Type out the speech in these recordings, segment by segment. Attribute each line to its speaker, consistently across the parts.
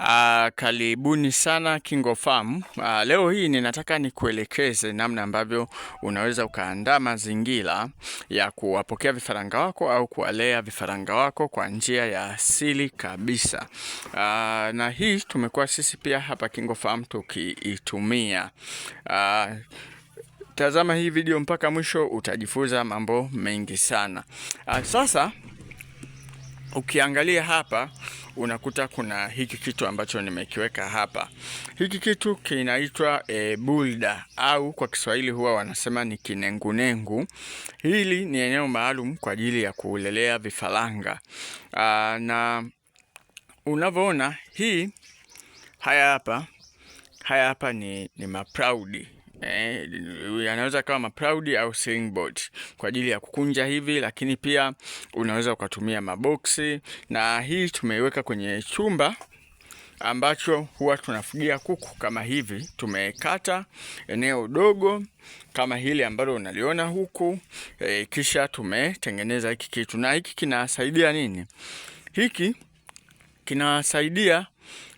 Speaker 1: Uh, karibuni sana KingoFarm. Uh, ah, leo hii ninataka nikuelekeze namna ambavyo unaweza ukaandaa mazingira ya kuwapokea vifaranga wako au kuwalea vifaranga wako kwa njia ya asili kabisa. Uh, na hii tumekuwa sisi pia hapa KingoFarm tukiitumia. Uh, tazama hii video mpaka mwisho, utajifunza mambo mengi sana. Uh, sasa Ukiangalia hapa unakuta kuna hiki kitu ambacho nimekiweka hapa. Hiki kitu kinaitwa e, bulda au kwa Kiswahili huwa wanasema ni kinengunengu. Hili ni eneo maalum kwa ajili ya kulelea vifaranga. Aa, na unavyoona hii haya hapa haya hapa ni, ni maproudi eh, yanaweza kama maproudi au sling kwa ajili ya kukunja hivi, lakini pia unaweza ukatumia maboksi, na hii tumeiweka kwenye chumba ambacho huwa tunafugia kuku kama hivi. Tumekata eneo dogo kama hili ambalo unaliona huku e, kisha tumetengeneza hiki kitu, na hiki kinasaidia nini? Hiki kinasaidia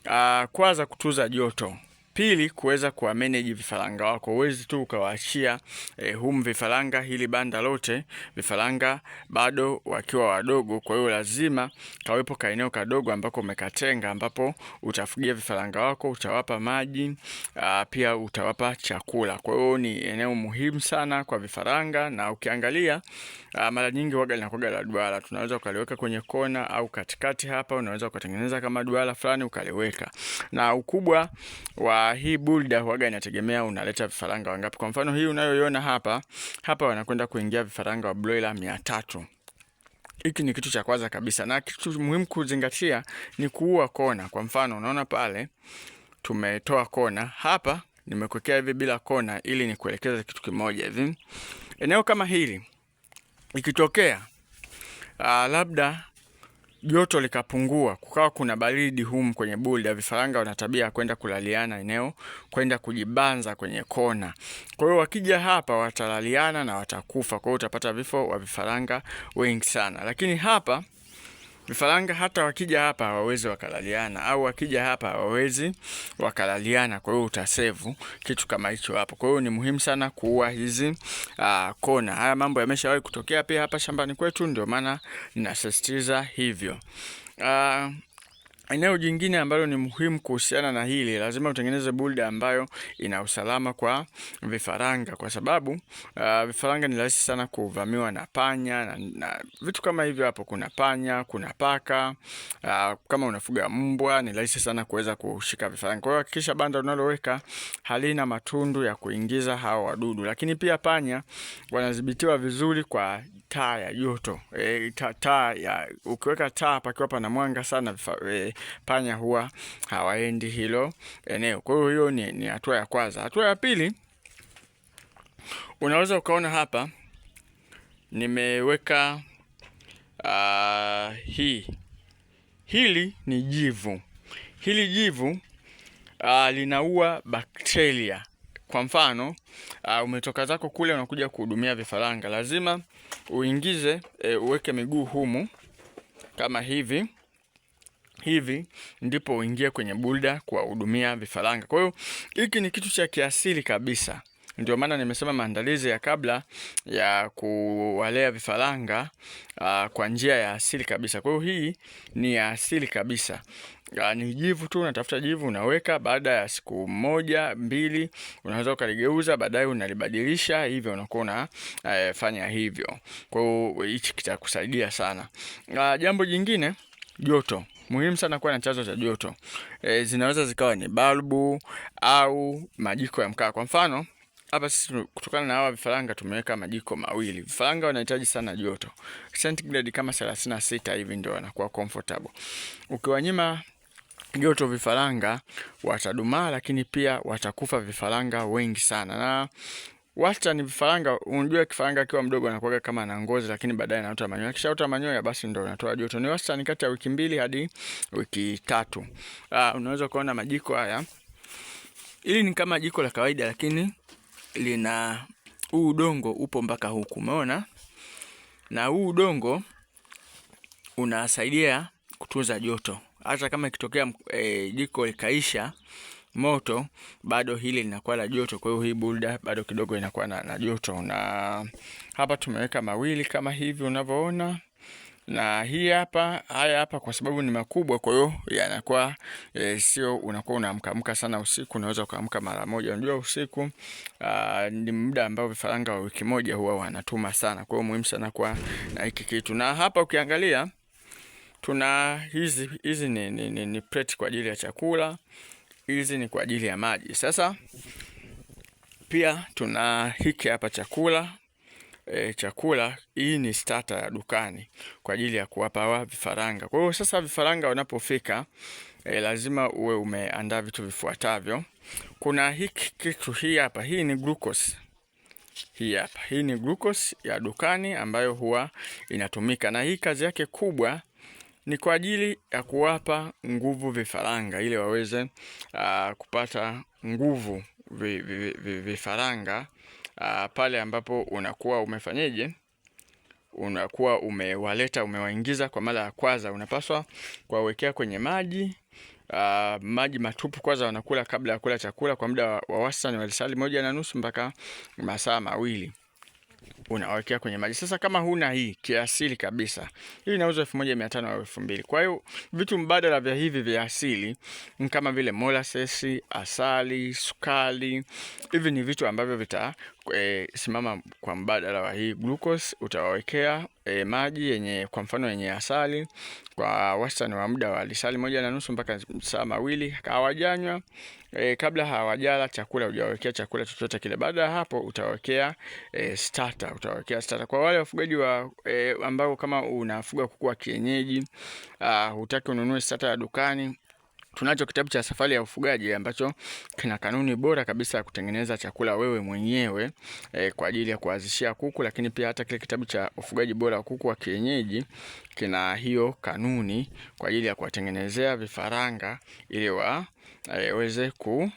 Speaker 1: uh, kwanza kutuza joto Pili, kuweza kuwa manage vifaranga wako, uwezi tu ukawaachia e, eh, hum vifaranga hili banda lote, vifaranga bado wakiwa wadogo. Kwa hiyo lazima kawepo kaeneo kadogo ambako umekatenga, ambapo utafugia vifaranga wako, utawapa maji a, ah, pia utawapa chakula. Kwa hiyo ni eneo muhimu sana kwa vifaranga, na ukiangalia a, ah, mara nyingi waga linakuwa la duara, tunaweza ukaliweka kwenye kona au katikati hapa, unaweza ukatengeneza kama duara fulani ukaliweka, na ukubwa wa hii bulda huaga inategemea unaleta vifaranga wangapi. Kwa mfano hii unayoiona hapa hapa, wanakwenda kuingia vifaranga wa broiler mia tatu. Hiki ni kitu cha kwanza kabisa, na kitu muhimu kuzingatia ni kuua kona. Kwa mfano unaona pale tumetoa kona hapa, nimekwekea hivi bila kona, ili nikuelekeza kitu kimoja hivi. Eneo kama hili ikitokea uh, labda joto likapungua, kukawa kuna baridi humu kwenye bulda, Vifaranga wana tabia ya kwenda kulaliana eneo, kwenda kujibanza kwenye kona. Kwa hiyo wakija hapa watalaliana na watakufa. Kwa hiyo utapata vifo wa vifaranga wengi sana, lakini hapa Vifaranga hata wakija hapa hawawezi wakalaliana, au wakija hapa hawawezi wakalaliana. Kwa hiyo utasevu kitu kama hicho hapo. Kwa hiyo ni muhimu sana kuua hizi aa, ah, kona. Haya mambo yameshawahi kutokea pia hapa shambani kwetu, ndio maana ninasisitiza hivyo aa, ah, Eneo jingine ambalo ni muhimu kuhusiana na hili, lazima utengeneze bulda ambayo ina usalama kwa vifaranga, kwa sababu uh, vifaranga ni rahisi sana kuvamiwa na panya na, na vitu kama hivyo. Hapo kuna panya, kuna paka. Uh, kama unafuga mbwa ni rahisi sana kuweza kushika vifaranga. Kwa hiyo hakikisha banda unaloweka halina matundu ya kuingiza hao wadudu, lakini pia panya wanadhibitiwa vizuri kwa taa ya joto. E, taa ya ukiweka taa pakiwa pana mwanga sana vifa, e, panya huwa hawaendi hilo eneo. Kwa hiyo hiyo ni, ni hatua ya kwanza. Hatua ya pili unaweza ukaona hapa nimeweka uh, hii hili ni jivu. Hili jivu uh, linaua bakteria. Kwa mfano uh, umetoka zako kule unakuja kuhudumia vifaranga, lazima uingize e, uweke miguu humu kama hivi hivi ndipo uingie kwenye bulda kuwahudumia vifaranga. Kwa hiyo hiki ni kitu cha kiasili kabisa, ndio maana nimesema maandalizi ya kabla ya kuwalea vifaranga uh, kwa njia ya asili kabisa. Kwa hiyo hii ni ya asili kabisa. Uh, ni jivu tu, unatafuta jivu unaweka. Baada ya siku moja mbili, unaweza ukaligeuza, baadaye unalibadilisha hivyo, unakuwa unafanya eh, uh, hivyo. Kwa hiyo hichi kitakusaidia sana. Uh, jambo jingine joto. Muhimu sana kuwa na chanzo cha joto e, zinaweza zikawa ni balbu au majiko ya mkaa. Kwa mfano hapa sisi kutokana na hawa vifaranga tumeweka majiko mawili. Vifaranga wanahitaji sana joto sentigredi kama thelathini na sita hivi ndio wanakuwa comfortable. Ukiwanyima joto vifaranga watadumaa, lakini pia watakufa vifaranga wengi sana na wastani vifaranga, unajua kifaranga akiwa mdogo anakuwa kama na ngozi, lakini baadaye anatoa manyoya. Akishaota manyoya, basi ndo anatoa joto. Ni wastani kati ya wiki mbili hadi wiki tatu. Ah, unaweza kuona majiko haya, hili ni kama jiko la kawaida, lakini lina huu udongo upo mpaka huku, umeona, na huu udongo unasaidia kutunza joto. Hata kama ikitokea e, jiko likaisha moto, bado hili linakuwa la joto. Kwa hiyo hii bulda bado kidogo inakuwa na, na joto, na hapa tumeweka mawili kama hivi unavyoona na hii hapa, haya hapa, kwa sababu ni makubwa, kwa hiyo yanakuwa e, sio unakuwa unaamkaamka sana usiku, unaweza ukaamka mara moja. Unajua usiku aa, ni muda ambao vifaranga wa wiki moja huwa wanatuma sana, kwa hiyo muhimu sana kwa na hiki kitu. Na hapa ukiangalia tuna hizi hizi ni, ni, ni, ni plate kwa ajili ya chakula hizi ni kwa ajili ya maji. Sasa pia tuna hiki hapa chakula e, chakula hii ni starter ya dukani kwa ajili ya kuwapa vifaranga. Kwa hiyo sasa vifaranga wanapofika e, lazima uwe umeandaa vitu vifuatavyo. Kuna hiki kitu hii hapa, hii ni glucose hii hapa, hii ni glucose ya dukani ambayo huwa inatumika, na hii kazi yake kubwa ni kwa ajili ya kuwapa nguvu vifaranga ili waweze uh, kupata nguvu vifaranga uh, pale ambapo unakuwa umefanyeje, unakuwa umewaleta umewaingiza kwa mara ya kwanza, unapaswa kuwawekea kwenye maji uh, maji matupu kwanza, wanakula kabla ya kula chakula kwa muda wa wastani wa lisali moja na nusu mpaka masaa mawili unawekea kwenye maji. Sasa kama huna hii kiasili kabisa, hii inauzwa elfu moja mia tano au elfu mbili. Kwa hiyo vitu mbadala vya hivi vya asili kama vile molasses, asali, sukari, hivi ni vitu ambavyo vitasimama eh, e, kwa mbadala wa hii glucose utawawekea e, maji yenye kwa mfano yenye asali kwa wastani wa muda wa lisali moja na nusu mpaka saa mawili hawajanywa e, kabla hawajala chakula, hujawekea chakula chochote kile. Baada ya hapo utawekea e, starter, utawekea starter. Kwa wale wafugaji wa e, ambao kama unafuga kuku wa kienyeji ah, hutaki ununue starter ya dukani tunacho kitabu cha Safari ya Ufugaji ambacho kina kanuni bora kabisa ya kutengeneza chakula wewe mwenyewe e, kwa ajili ya kuanzishia kuku, lakini pia hata kile kitabu cha ufugaji bora wa kuku wa kienyeji kina hiyo kanuni kwa ajili ya kuwatengenezea vifaranga ili waweze eh, e, ku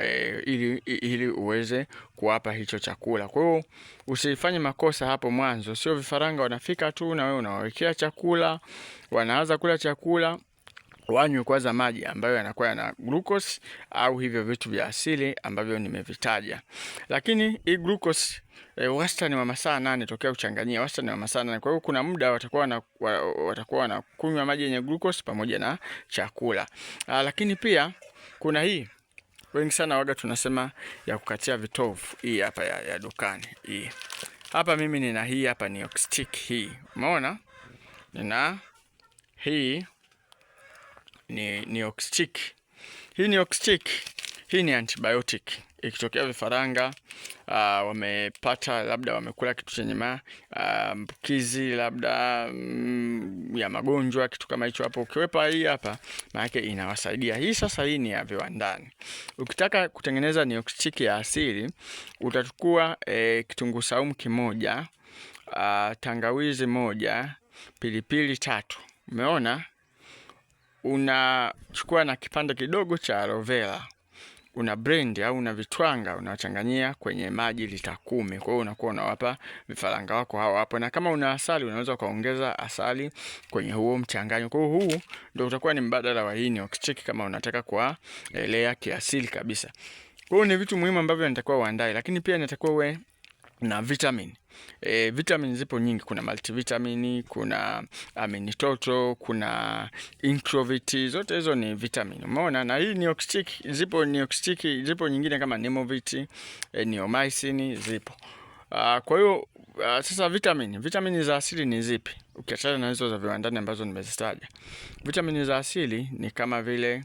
Speaker 1: E, ili, ili uweze kuwapa hicho chakula. Kwa hiyo usifanye makosa hapo mwanzo, sio vifaranga wanafika tu na wewe unawawekea chakula, wanaanza kula chakula wanywe kwanza maji ambayo yanakuwa yana glucose au hivyo vitu vya asili ambavyo nimevitaja. Lakini hii glucose e, wastani wa masaa nane tokea kuchanganyia, wastani wa masaa nane. Kwa hiyo kuna muda watakuwa na watakuwa na kunywa maji yenye glucose pamoja na chakula. A, lakini pia kuna hii wengi sana waga tunasema ya kukatia vitovu, hii hapa ya, ya dukani hii hapa. Mimi nina hii hapa ni oxtick hii, umeona nina hii ni, ni oxtic. Hii ni oxtic. hii ni antibiotic. Ikitokea vifaranga uh, wamepata labda wamekula kitu chenye ah, maambukizi uh, labda mm, ya magonjwa kitu kama hicho, hapo ukiwepa hii hapa, maanake inawasaidia hii. Sasa hii ni ya viwandani. Ukitaka kutengeneza nioxitiki ya asili, utachukua eh, kitunguu saumu kimoja, uh, tangawizi moja, pilipili tatu. Umeona? unachukua na kipande kidogo cha aloe vera una blend au una vitwanga unawachanganyia kwenye maji lita kumi. Kwa hiyo unakuwa unawapa vifaranga wako hao hapo, na kama una asali unaweza ukaongeza asali kwenye huo mchanganyo. Kwa hiyo huu ndio utakuwa ni mbadala wa ini wakicheki, kama unataka elea kiasili kabisa. Kwa hiyo ni vitu muhimu ambavyo inatakiwa uandae, lakini pia inatakiwa uwe na vitamin e, vitamin zipo nyingi. Kuna multivitamin, kuna aminitoto, kuna introvit, zote hizo ni vitamin, umeona. Na hii nioxtic, zipo nioxtic, zipo nyingine kama nemovit, e, neomycin zipo. Uh, kwa hiyo uh, sasa vitamin, vitamin za asili ni zipi ukiachana na hizo za viwandani ambazo nimezitaja? Vitamin za asili ni kama vile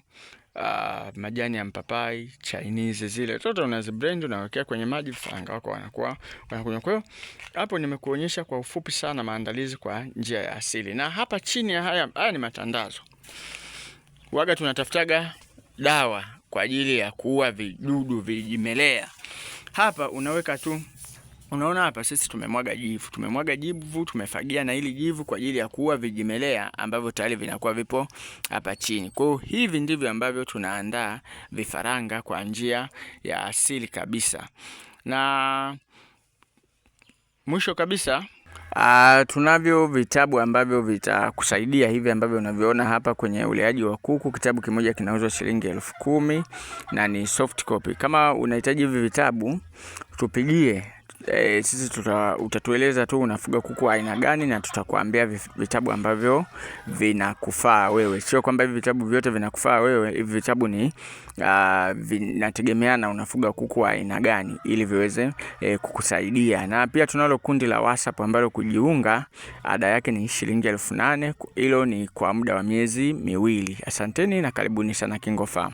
Speaker 1: Ah, majani ya mpapai, Chinese zile toto unaziblend unawekea kwenye maji, vifaranga wako wanakuwa wanakunywa. Kwa hiyo hapo nimekuonyesha kwa ufupi sana maandalizi kwa njia ya asili, na hapa chini ya haya, haya ni matandazo waga, tunatafutaga dawa kwa ajili ya kuua vidudu vijimelea. Hapa unaweka tu Unaona hapa sisi tumemwaga jivu, tumemwaga jivu, tumefagia na hili jivu kwa ajili ya kuua vijimelea ambavyo tayari vinakuwa vipo hapa chini. Kwa hiyo hivi ndivyo ambavyo tunaandaa vifaranga kwa njia ya asili kabisa. Na mwisho kabisa
Speaker 2: Uh, tunavyo vitabu ambavyo vitakusaidia hivi ambavyo unavyoona hapa kwenye uleaji wa kuku. Kitabu kimoja kinauzwa shilingi elfu kumi na ni soft copy. Kama unahitaji hivi vitabu tupigie e, sisi tuta, utatueleza tu unafuga kuku aina gani na tutakuambia vitabu ambavyo vinakufaa wewe. Sio kwamba hivi vitabu vyote vinakufaa wewe, hivi vitabu ni uh, vinategemeana unafuga kuku aina gani ili viweze e, kukusaidia. Na pia tunalo kundi la WhatsApp ambalo kujiunga ada yake ni shilingi elfu nane. Hilo ni kwa muda wa miezi miwili. Asanteni na karibuni sana KingoFarm.